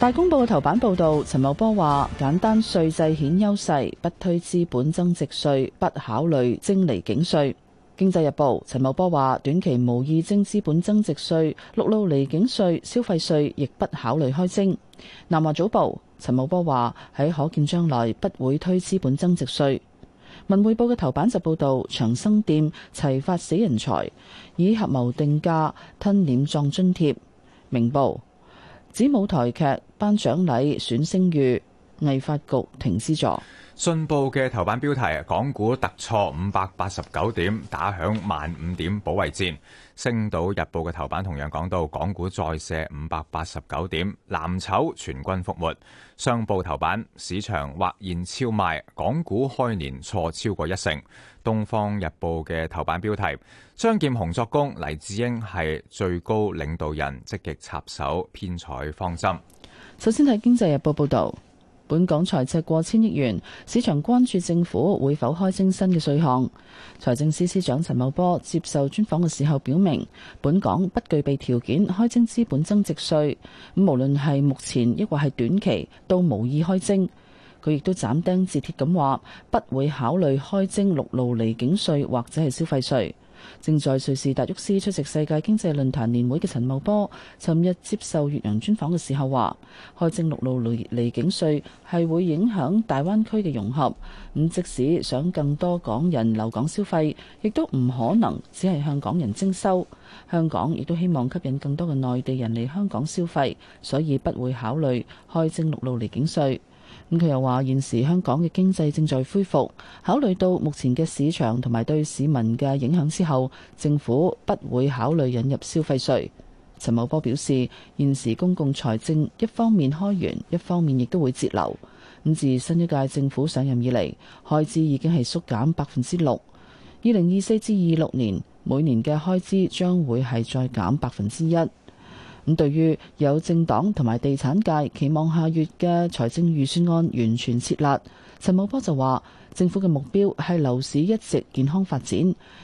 大公報嘅頭版報導，陳茂波話：簡單稅制顯優勢，不推資本增值稅，不考慮徵離境稅。經濟日報陳茂波話：短期無意徵資本增值稅，陸路離境稅、消費稅亦不考慮開徵。南華早報陳茂波話：喺可見將來不會推資本增值稅。文匯報嘅頭版就報導：長生店齊發死人財，以合謀定價吞殮葬津貼。明報指舞台劇頒獎禮選聲譽，藝發局停資助。信報嘅頭版標題：港股突挫五百八十九點，打響萬五點保衛戰。星島日報嘅頭版同樣講到，港股再瀉五百八十九點，藍籌全軍覆沒。商報頭版：市場或現超賣，港股開年挫超過一成。東方日報嘅頭版標題：張劍虹作供，黎智英係最高領導人，積極插手編採方針。首先睇經濟日報報道。本港財赤過千億元，市場關注政府會否開徵新嘅稅項。財政司司長陳茂波接受專訪嘅時候表明，本港不具備條件開徵資本增值稅。咁無論係目前抑或係短期，都無意開徵。佢亦都斬釘截鐵咁話，不會考慮開徵陸路離境稅或者係消費稅。正在瑞士達沃斯出席世界經濟論壇年會嘅陳茂波，尋日接受越洋專訪嘅時候話：開徵陸路嚟離境稅係會影響大灣區嘅融合。咁即使想更多港人留港消費，亦都唔可能只係向港人徵收。香港亦都希望吸引更多嘅內地人嚟香港消費，所以不會考慮開徵陸路離境稅。咁佢又話：現時香港嘅經濟正在恢復，考慮到目前嘅市場同埋對市民嘅影響之後，政府不會考慮引入消費稅。陳茂波表示，現時公共財政一方面開源，一方面亦都會節流。咁自新一屆政府上任以嚟，開支已經係縮減百分之六。二零二四至二六年每年嘅開支將會係再減百分之一。咁對於有政黨同埋地產界期望下月嘅財政預算案完全設立，陳茂波就話：政府嘅目標係樓市一直健康發展，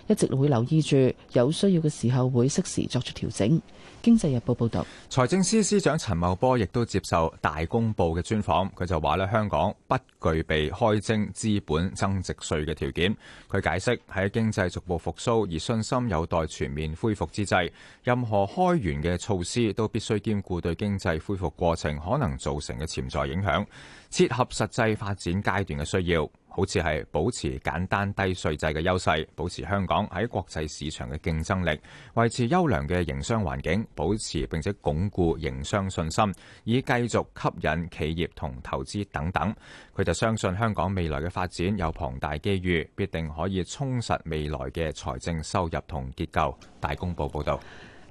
一直會留意住，有需要嘅時候會適時作出調整。經濟日報報道，財政司司長陳茂波亦都接受大公報嘅專訪，佢就話咧，香港不具備開徵資本增值稅嘅條件。佢解釋喺經濟逐步復蘇而信心有待全面恢復之際，任何開源嘅措施都必須兼顧對經濟恢復過程可能造成嘅潛在影響，切合實際發展階段嘅需要。好似係保持簡單低稅制嘅優勢，保持香港喺國際市場嘅競爭力，維持優良嘅營商環境，保持並且鞏固營商信心，以繼續吸引企業同投資等等。佢就相信香港未來嘅發展有龐大機遇，必定可以充實未來嘅財政收入同結構。大公報報導。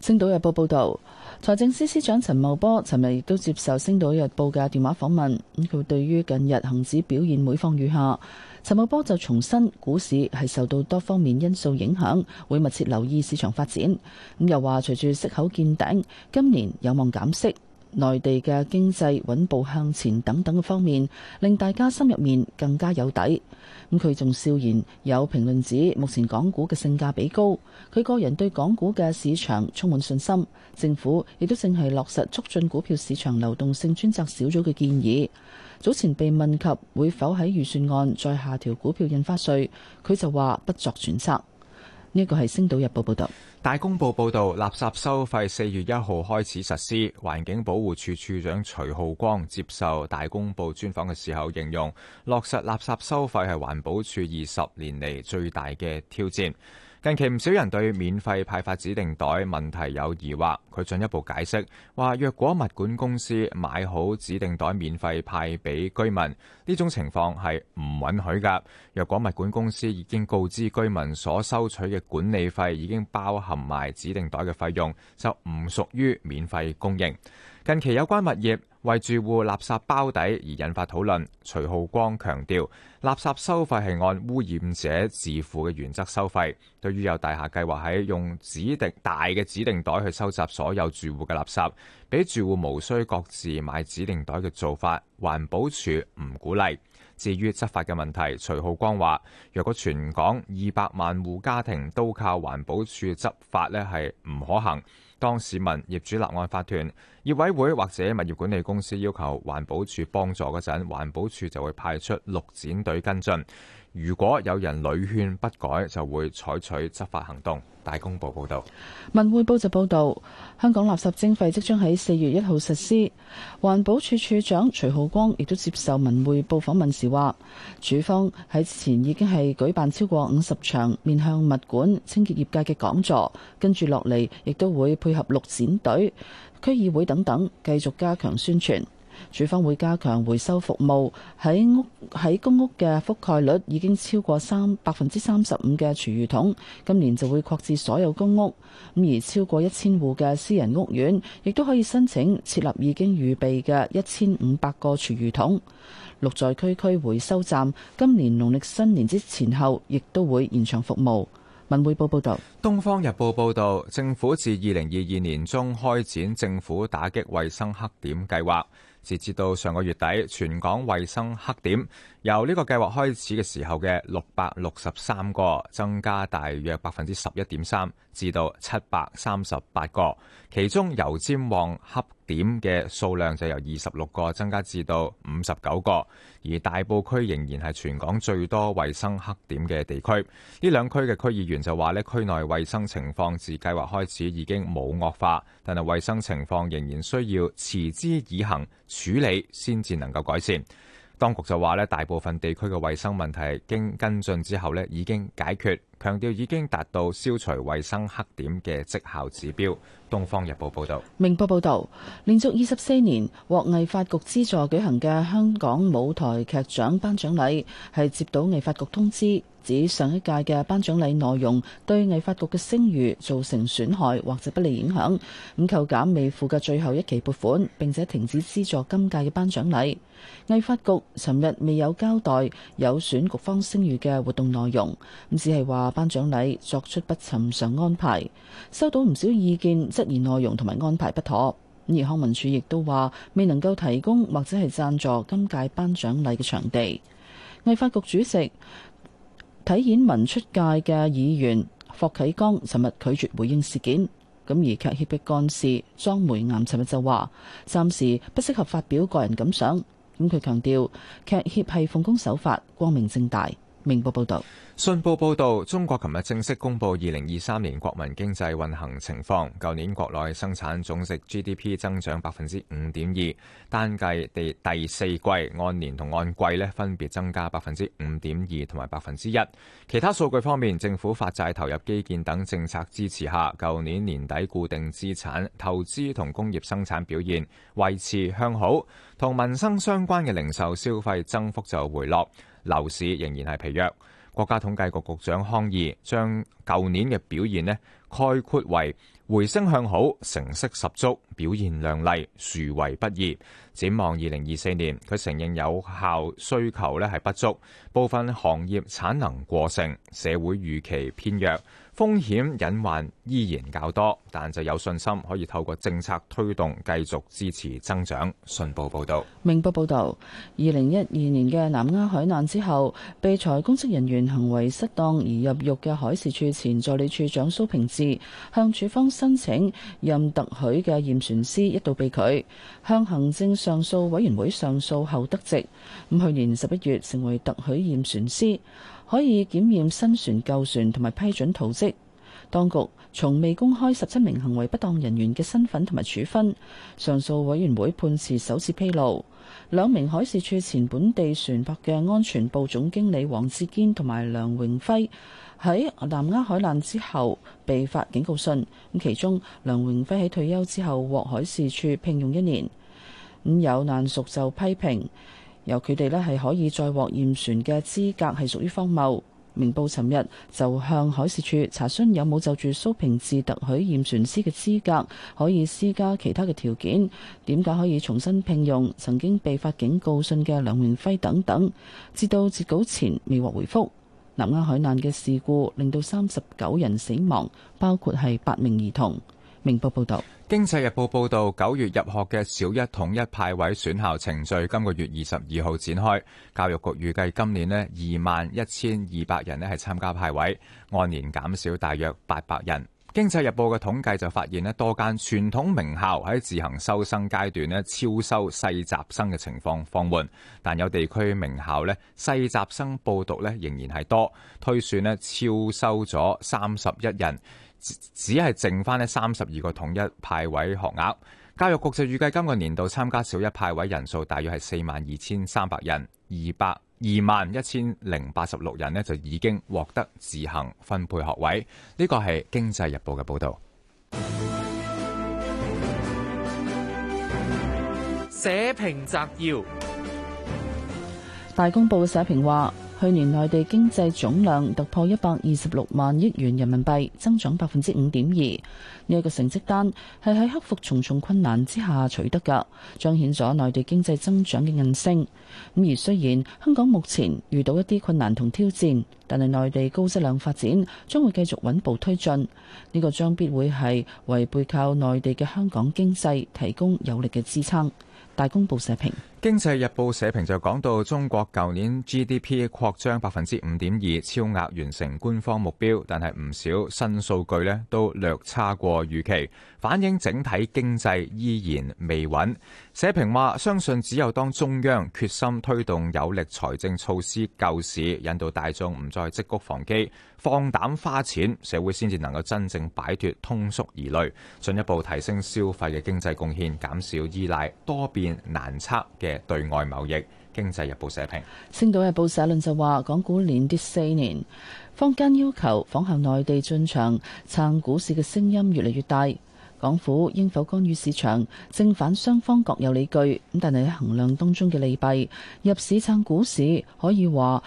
星島日報報道，財政司司長陳茂波尋日亦都接受星島日報嘅電話訪問。咁佢對於近日恒指表現每況愈下，陳茂波就重申股市係受到多方面因素影響，會密切留意市場發展。咁又話隨住息口見頂，今年有望減息。內地嘅經濟穩步向前等等嘅方面，令大家心入面更加有底。咁佢仲笑言，有評論指目前港股嘅性價比高，佢個人對港股嘅市場充滿信心。政府亦都正係落實促進股票市場流動性專責小組嘅建議。早前被問及會否喺預算案再下調股票印花稅，佢就話不作揣測。呢個係《星島日報》報道，《大公報》報道，垃圾收費四月一號開始實施。環境保護署署長徐浩光接受《大公報》專訪嘅時候，形容落實垃圾收費係環保署二十年嚟最大嘅挑戰。近期唔少人對免費派發指定袋問題有疑惑，佢進一步解釋話：若果物管公司買好指定袋免費派俾居民，呢種情況係唔允許㗎。若果物管公司已經告知居民所收取嘅管理費已經包含埋指定袋嘅費用，就唔屬於免費供應。近期有關物業為住戶垃圾包底而引發討論，徐浩光強調，垃圾收費係按污染者自負嘅原則收費。對於有大廈計劃喺用指定大嘅指定袋去收集所有住戶嘅垃圾，俾住戶無需各自買指定袋嘅做法，環保署唔鼓勵。至於執法嘅問題，徐浩光話：若果全港二百萬戶家庭都靠環保署執法呢，係唔可行。當市民、業主立案法團。業委會或者物業管理公司要求環保署幫助嗰陣，環保署就會派出綠展隊跟進。如果有人屢勸不改，就會採取執法行動。大公報報道，文匯報就報導香港垃圾徵費即將喺四月一號實施。環保署署長徐浩光亦都接受文匯報訪問時話，署方喺前已經係舉辦超過五十場面向物管、清潔業界嘅講座，跟住落嚟亦都會配合綠展隊。區議會等等繼續加強宣傳，署方會加強回收服務喺屋喺公屋嘅覆蓋率已經超過三百分之三十五嘅廚餘桶，今年就會擴至所有公屋。咁而超過一千戶嘅私人屋苑，亦都可以申請設立已經預備嘅一千五百個廚餘桶。綠在區區回收站，今年農曆新年之前後，亦都會延長服務。文匯報報道，東方日報報道，政府自二零二二年中開展政府打擊衛生黑點計劃，截至到上個月底，全港衛生黑點由呢個計劃開始嘅時候嘅六百六十三個，增加大約百分之十一點三，至到七百三十八個，其中油尖旺、黑。點嘅數量就由二十六個增加至到五十九個，而大埔區仍然係全港最多衛生黑點嘅地區。呢兩區嘅區議員就話呢區內衛生情況自計劃開始已經冇惡化，但係衛生情況仍然需要持之以恆處理，先至能夠改善。當局就話呢大部分地區嘅衛生問題經跟進之後呢已經解決。強調已經達到消除衛生黑點嘅績效指標。東方日報報道，明報報道，連續二十四年獲藝發局資助舉行嘅香港舞台劇獎頒獎禮，係接到藝發局通知，指上一屆嘅頒獎禮內容對藝發局嘅聲譽造成損害或者不利影響，咁扣減未付嘅最後一期撥款，並且停止資助今屆嘅頒獎禮。藝發局尋日未有交代有損局方聲譽嘅活動內容，咁只係話。頒獎禮作出不尋常安排，收到唔少意見，質疑內容同埋安排不妥。而康文署亦都話未能夠提供或者係讚助今屆頒獎禮嘅場地。藝發局主席、體演文出界嘅議員霍啟剛尋日拒絕回應事件。咁而劇協嘅幹事莊梅岩尋日就話暫時不適合發表個人感想。咁佢強調劇協係奉公守法、光明正大。明報報導，信報報道，中國琴日正式公布二零二三年國民經濟運行情況。舊年國內生產總值 GDP 增長百分之五點二，單計第第四季按年同按季咧，分別增加百分之五點二同埋百分之一。其他數據方面，政府發債投入基建等政策支持下，舊年年底固定資產投資同工業生產表現維持向好，同民生相關嘅零售消費增幅就回落。樓市仍然係疲弱。國家統計局局長康義將舊年嘅表現呢概括為回升向好，成色十足，表現亮麗，殊為不易。展望二零二四年，佢承認有效需求呢係不足，部分行業產能過剩，社會預期偏弱。風險隱患依然較多，但就有信心可以透過政策推動繼續支持增長。信報報導，明報報導，二零一二年嘅南丫海難之後，被裁公職人員行為失當而入獄嘅海事處前助理處長蘇平志，向處方申請任特許嘅驗船師，一度被拒，向行政上訴委員會上訴後得直。咁去年十一月成為特許驗船師。可以檢驗新船、舊船同埋批准圖則。當局從未公開十七名行為不當人員嘅身份同埋處分。上訴委員會判詞首次披露，兩名海事處前本地船舶嘅安全部總經理黃志堅同埋梁榮輝喺南丫海難之後被發警告信。咁其中梁榮輝喺退休之後獲海事處聘用一年。咁有難屬就批評。由佢哋呢，係可以再獲驗船嘅資格係屬於荒謬。明報尋日就向海事處查詢有冇就住蘇平志特許驗船師嘅資格可以施加其他嘅條件？點解可以重新聘用曾經被發警告信嘅梁明輝等等？至到截稿前未獲回覆。南亞海難嘅事故令到三十九人死亡，包括係八名兒童。明報報導，《經濟日報》報導，九月入學嘅小一統一派位選校程序今個月二十二號展開。教育局預計今年呢，二萬一千二百人呢係參加派位，按年減少大約八百人。經濟日報嘅統計就發現呢，多間傳統名校喺自行收生階段呢超收細雜生嘅情況放緩，但有地區名校呢，細雜生報讀呢仍然係多，推算呢超收咗三十一人。只係剩翻呢三十二個統一派位學額。教育局就預計今個年度參加小一派位人數大約係四萬二千三百人，二百二萬一千零八十六人呢就已經獲得自行分配學位。呢個係《經濟日報》嘅報道。社評摘要：大公報社評話。去年內地經濟總量突破一百二十六萬億元人民幣，增長百分之五點二。呢個成績單係喺克服重重困難之下取得㗎，彰顯咗內地經濟增長嘅韌性。咁而雖然香港目前遇到一啲困難同挑戰，但係內地高質量發展將會繼續穩步推進。呢個將必會係為背靠內地嘅香港經濟提供有力嘅支撐。大公報社評。《經濟日報》社評就講到，中國舊年 GDP 擴張百分之五點二，超額完成官方目標，但係唔少新數據呢都略差過預期，反映整體經濟依然未穩。社評話：相信只有當中央決心推動有力財政措施救市，引導大眾唔再積谷防饑，放膽花錢，社會先至能夠真正擺脱通縮疑慮，進一步提升消費嘅經濟貢獻，減少依賴，多變難測嘅對外貿易，《經濟日報》社評。《星島日報》社論就話，港股連跌四年，坊間要求仿效內地進場撐股市嘅聲音越嚟越大，港府應否干預市場？正反雙方各有理據，咁但係喺衡量當中嘅利弊，入市撐股市可以話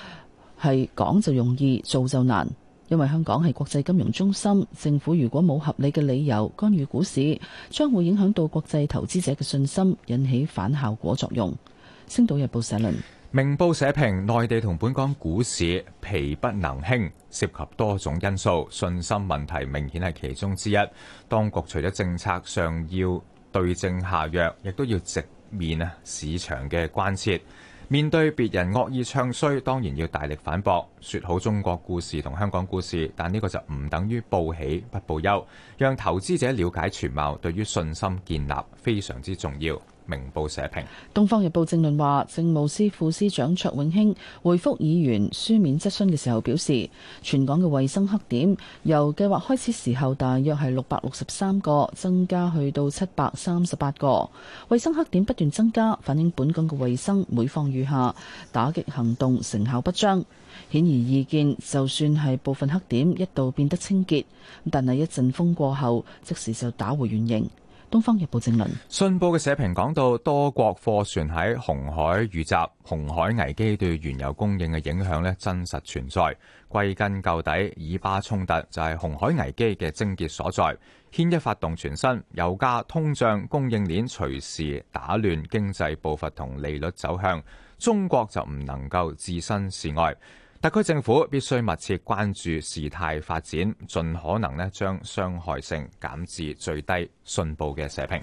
係講就容易，做就難。因為香港係國際金融中心，政府如果冇合理嘅理由干預股市，將會影響到國際投資者嘅信心，引起反效果作用。星島日報社論，明報社評：內地同本港股市疲不能興，涉及多種因素，信心問題明顯係其中之一。當局除咗政策上要對症下藥，亦都要直面啊市場嘅關切。面對別人惡意唱衰，當然要大力反駁，說好中國故事同香港故事。但呢個就唔等於報喜不報憂，讓投資者了解全貌，對於信心建立非常之重要。明報社評，《東方日報政論》話政務司副司長卓永興回覆議員書面質詢嘅時候表示，全港嘅衛生黑點由計劃開始時候大約係六百六十三個，增加去到七百三十八個，衛生黑點不斷增加，反映本港嘅衛生每況愈下，打擊行動成效不彰。顯而易見，就算係部分黑點一度變得清潔，但係一陣風過後即時就打回原形。《東方日報》正論，信報嘅社評講到，多國貨船喺紅海遇襲，紅海危機對原油供應嘅影響咧真實存在。歸根究底，以巴衝突就係紅海危機嘅症結所在。牽一發動全身，油價通脹供應鏈隨時打亂經濟步伐同利率走向，中國就唔能夠置身事外。特區政府必須密切關注事態發展，盡可能咧將傷害性減至最低的社，信報嘅社評。